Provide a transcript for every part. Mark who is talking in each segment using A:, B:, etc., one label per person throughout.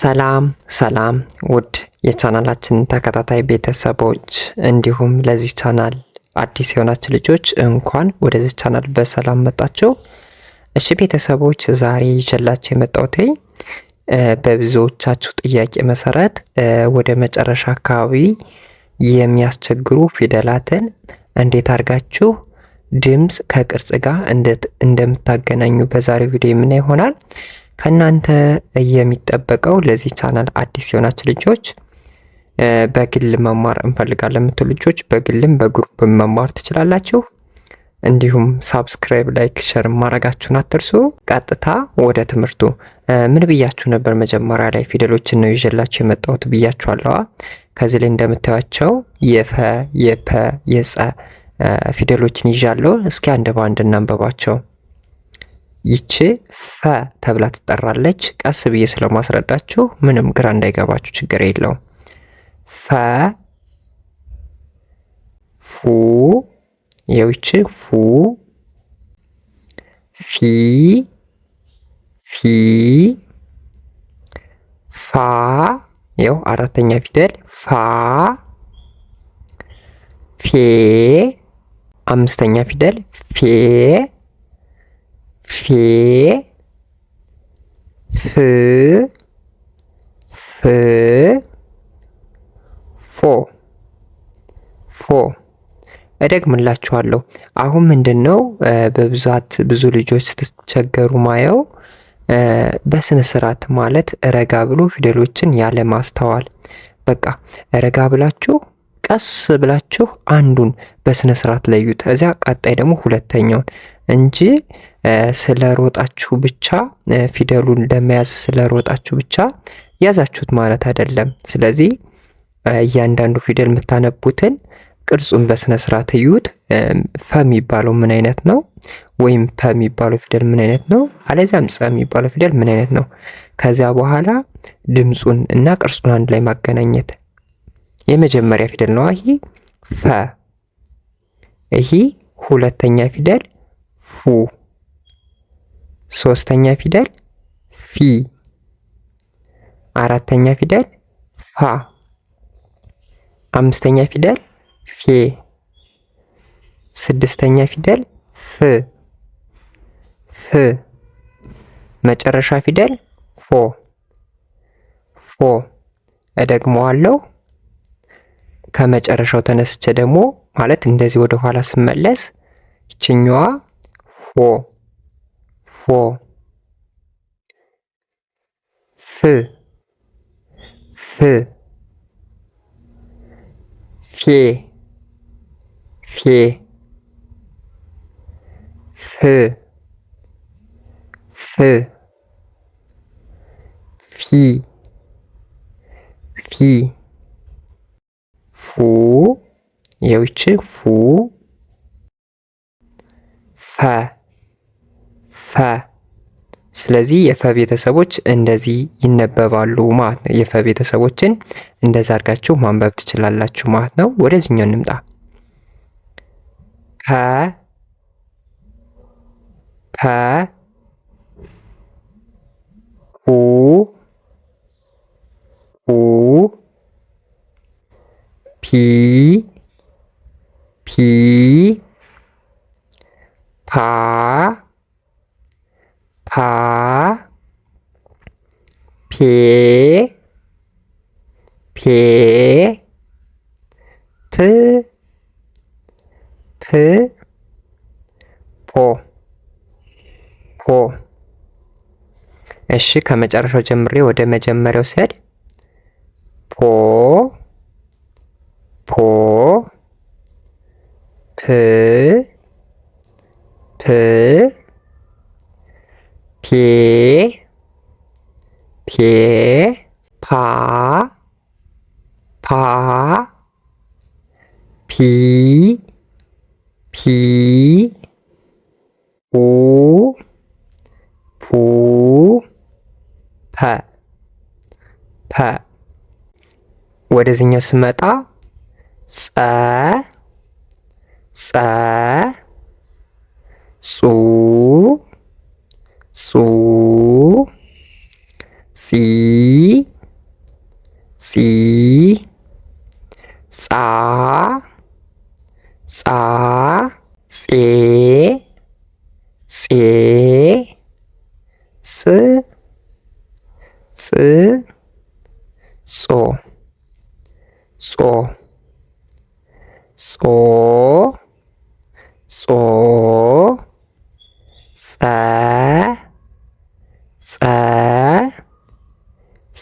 A: ሰላም ሰላም ውድ የቻናላችን ተከታታይ ቤተሰቦች እንዲሁም ለዚህ ቻናል አዲስ የሆናችሁ ልጆች እንኳን ወደዚህ ቻናል በሰላም መጣችሁ። እሺ ቤተሰቦች ዛሬ ይዤላችሁ የመጣሁት በብዙዎቻችሁ ጥያቄ መሰረት ወደ መጨረሻ አካባቢ የሚያስቸግሩ ፊደላትን እንዴት አድርጋችሁ ድምፅ ከቅርጽ ጋር እንደምታገናኙ በዛሬው ቪዲዮ የምናይ ይሆናል። ከእናንተ የሚጠበቀው ለዚህ ቻናል አዲስ የሆናችሁ ልጆች በግል መማር እንፈልጋለን የምትሉ ልጆች በግልም በግሩፕ መማር ትችላላችሁ። እንዲሁም ሳብስክራይብ፣ ላይክ፣ ሸር ማድረጋችሁን አትርሱ። ቀጥታ ወደ ትምህርቱ ምን ብያችሁ ነበር? መጀመሪያ ላይ ፊደሎችን ነው ይዤላችሁ የመጣሁት ብያችኋለዋ። ከዚህ ላይ እንደምታዩቸው የፈ፣ የፐ፣ የጸ ፊደሎችን ይዣለሁ። እስኪ አንድ በአንድ እናንበባቸው። ይቺ ፈ ተብላ ትጠራለች። ቀስ ብዬ ስለማስረዳችሁ ምንም ግራ እንዳይገባችሁ ችግር የለውም። ፈ ፉ የውቺ ፉ ፊ ፊ ፋ የው አራተኛ ፊደል ፋ ፌ አምስተኛ ፊደል ፌ ፌ ፍ ፍ ፎ ፎ እደግምላችኋለሁ። አሁን ምንድን ነው በብዛት ብዙ ልጆች ስትቸገሩ ማየው በስነ ስርዓት ማለት ረጋ ብሎ ፊደሎችን ያለ ማስተዋል በቃ ረጋ ብላችሁ ቀስ ብላችሁ አንዱን በስነ ስርዓት ለዩት፣ እዚያ ቀጣይ ደግሞ ሁለተኛውን እንጂ ስለሮጣችሁ ብቻ ፊደሉን ለመያዝ ስለሮጣችሁ ብቻ ያዛችሁት ማለት አይደለም። ስለዚህ እያንዳንዱ ፊደል የምታነቡትን ቅርጹን በስነ ስርዓት እዩት። ፈ የሚባለው ምን አይነት ነው? ወይም ፐ የሚባለው ፊደል ምን አይነት ነው? አለዚያም ፀ የሚባለው ፊደል ምን አይነት ነው? ከዚያ በኋላ ድምፁን እና ቅርጹን አንድ ላይ ማገናኘት። የመጀመሪያ ፊደል ነው ይሄ ፈ። ይሄ ሁለተኛ ፊደል ፉ ሶስተኛ ፊደል ፊ፣ አራተኛ ፊደል ፋ፣ አምስተኛ ፊደል ፌ፣ ስድስተኛ ፊደል ፍ ፍ፣ መጨረሻ ፊደል ፎ ፎ። እደግመዋለሁ ከመጨረሻው ተነስቼ ደግሞ ማለት እንደዚህ ወደ ኋላ ስመለስ ይችኛዋ ፎ ፎ ፍ ፍ ፌ ፌ ፍ ፍ ፊ ፊ ፉ የውጭ ፉ ፈ ፈ ስለዚህ የፈ ቤተሰቦች እንደዚህ ይነበባሉ ማለት ነው። የፈ ቤተሰቦችን እንደዛ አድርጋችሁ ማንበብ ትችላላችሁ ማለት ነው። ወደዚህኛው እንምጣ። ፐ ፐ ኩ ኩ ፒ ፔ ፔ ፕ ፕ ፖ ፖ። እሺ ከመጨረሻው ጀምሬ ወደ መጀመሪያው ስሄድ ፖ ፖ ፕ ፕ ፔ ኬ ፓ ፓ ፒ ፒ ኡ ፑ ፐ ፐ ወደዚህኛው ስመጣ ጸ ጸ ጹ ጼ ጽ ጽ ጾ ጾ ጾ ጾ ጸ ጸ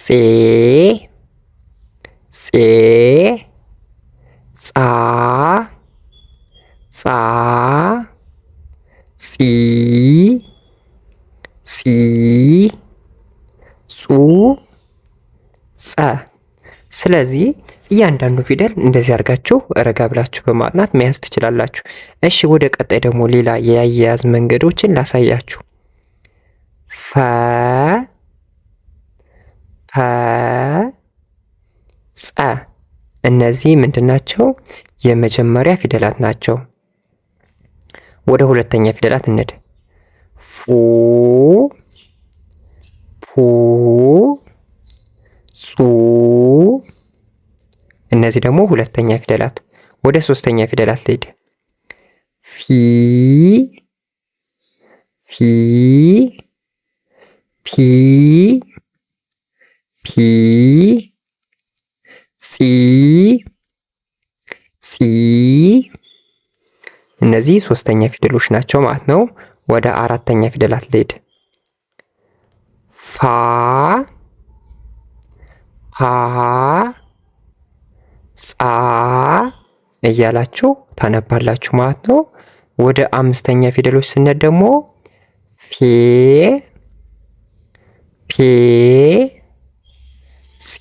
A: ጼ ጼ ጻ ጻ ሲ ሲ ጹ ጸ። ስለዚህ እያንዳንዱ ፊደል እንደዚህ አድርጋችሁ ረጋ ብላችሁ በማጥናት መያዝ ትችላላችሁ። እሺ ወደ ቀጣይ ደግሞ ሌላ የአያያዝ መንገዶችን ላሳያችሁ። ፈ ፐ ጸ እነዚህ ምንድን ናቸው? የመጀመሪያ ፊደላት ናቸው። ወደ ሁለተኛ ፊደላት እንድ ፉ ፑ ጹ እነዚህ ደግሞ ሁለተኛ ፊደላት። ወደ ሶስተኛ ፊደላት ልሂድ። ፊ ፊ ፒ ፒ ጺ ጺ እነዚህ ሶስተኛ ፊደሎች ናቸው ማለት ነው። ወደ አራተኛ ፊደላት ልሄድ። ፋ ሃ ጻ እያላችሁ ታነባላችሁ ማለት ነው። ወደ አምስተኛ ፊደሎች ስነት ደግሞ ፌ ፔ ጼ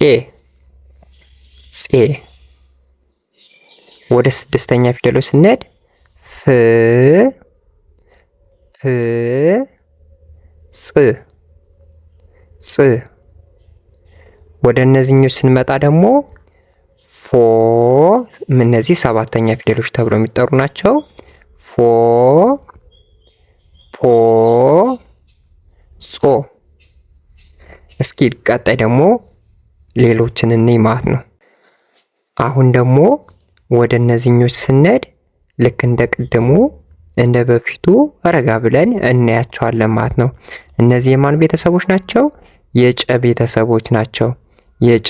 A: ጼ ወደ ስድስተኛ ፊደሎች ስነድ ፍ ፍ ጽ ጽ ወደ እነዚህኞች ስንመጣ ደግሞ ፎ እነዚህ ሰባተኛ ፊደሎች ተብለው የሚጠሩ ናቸው። ፎ ፖ ጾ እስኪ ቀጣይ ደግሞ ሌሎችን እንይ ማለት ነው። አሁን ደግሞ ወደ እነዚህኞች ስንሄድ ልክ እንደ ቅድሙ እንደ በፊቱ ረጋ ብለን እናያቸዋለን ማለት ነው። እነዚህ የማን ቤተሰቦች ናቸው? የጨ ቤተሰቦች ናቸው። የጨ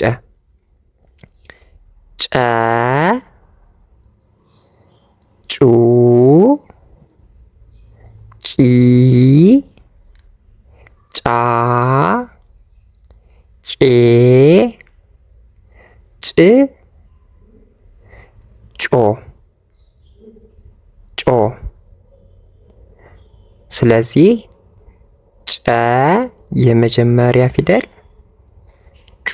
A: ጨ ጩ ጪ ጮ ስለዚህ ጨ የመጀመሪያ ፊደል፣ ጩ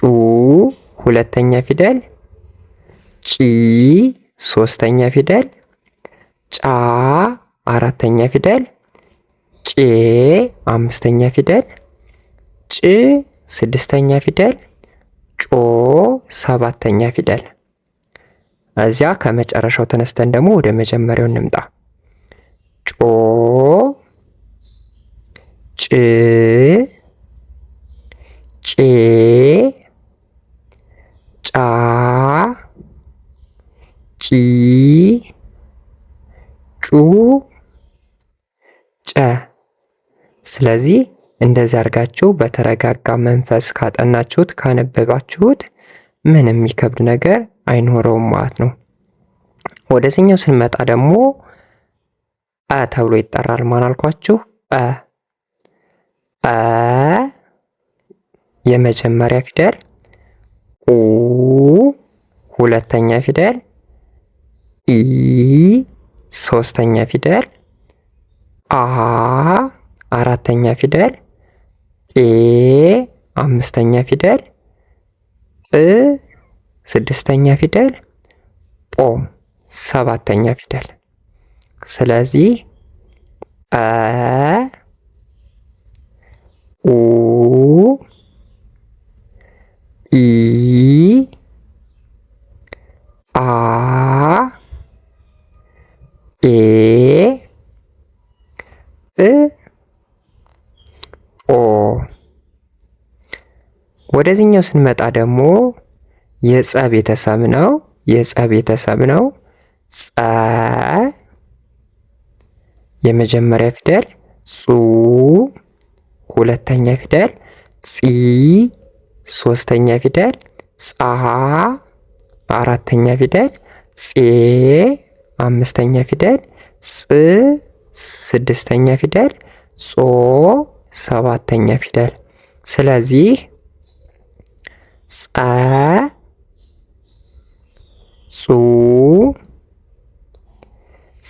A: ሁለተኛ ፊደል፣ ጪ ሶስተኛ ፊደል፣ ጫ አራተኛ ፊደል፣ ጬ አምስተኛ ፊደል፣ ጭ ስድስተኛ ፊደል፣ ጮ ሰባተኛ ፊደል። እዚያ ከመጨረሻው ተነስተን ደግሞ ወደ መጀመሪያው እንምጣ። ጮ ጭ ጬ ጫ ጪ ጩ ጨ። ስለዚህ እንደዚህ አድርጋችሁ በተረጋጋ መንፈስ ካጠናችሁት ካነበባችሁት ምንም የሚከብድ ነገር አይኖረውም ማለት ነው። ወደዚህኛው ስንመጣ ደግሞ አ ተብሎ ይጠራል። ማን አልኳችሁ? አ አ የመጀመሪያ ፊደል ኡ ሁለተኛ ፊደል ኢ ሶስተኛ ፊደል አ አራተኛ ፊደል ኤ አምስተኛ ፊደል እ ስድስተኛ ፊደል ኦ ሰባተኛ ፊደል ስለዚህ አ ኡ ኢ አ ኤ እ ኦ ወደዚህኛው ስንመጣ ደግሞ የጸ ቤተሰብ ነው። የጸ ቤተሰብ ነው። ጸ የመጀመሪያ ፊደል ጹ፣ ሁለተኛ ፊደል ጺ፣ ሶስተኛ ፊደል ጻ፣ አራተኛ ፊደል ጼ፣ አምስተኛ ፊደል ጽ፣ ስድስተኛ ፊደል ጾ፣ ሰባተኛ ፊደል። ስለዚህ ጸ፣ ጹ፣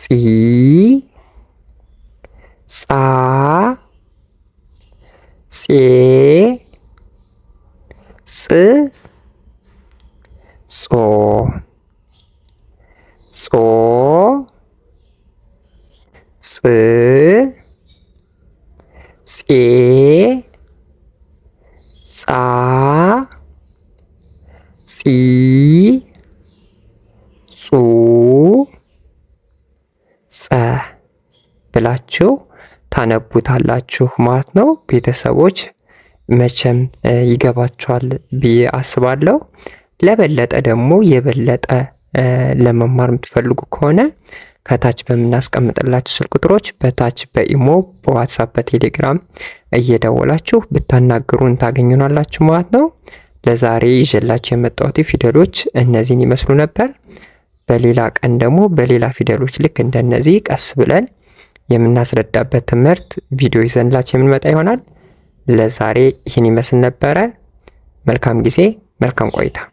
A: ጺ ጻ ጼ ጽ ጾ ጾ ጽ ጼ ጻ ጺ ጹ ጸ ብላችሁ ታነቡታላችሁ ማለት ነው። ቤተሰቦች መቼም ይገባችኋል ብዬ አስባለሁ። ለበለጠ ደግሞ የበለጠ ለመማር የምትፈልጉ ከሆነ ከታች በምናስቀምጥላችሁ ስልክ ቁጥሮች በታች በኢሞ በዋትሳፕ በቴሌግራም እየደወላችሁ ብታናግሩን ታገኙናላችሁ ማለት ነው። ለዛሬ ይዤላችሁ የመጣሁት ፊደሎች እነዚህን ይመስሉ ነበር። በሌላ ቀን ደግሞ በሌላ ፊደሎች ልክ እንደነዚህ ቀስ ብለን የምናስረዳበት ትምህርት ቪዲዮ ይዘንላችሁ የምንመጣ ይሆናል። ለዛሬ ይህን ይመስል ነበረ። መልካም ጊዜ፣ መልካም ቆይታ